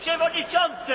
Przewodniczący!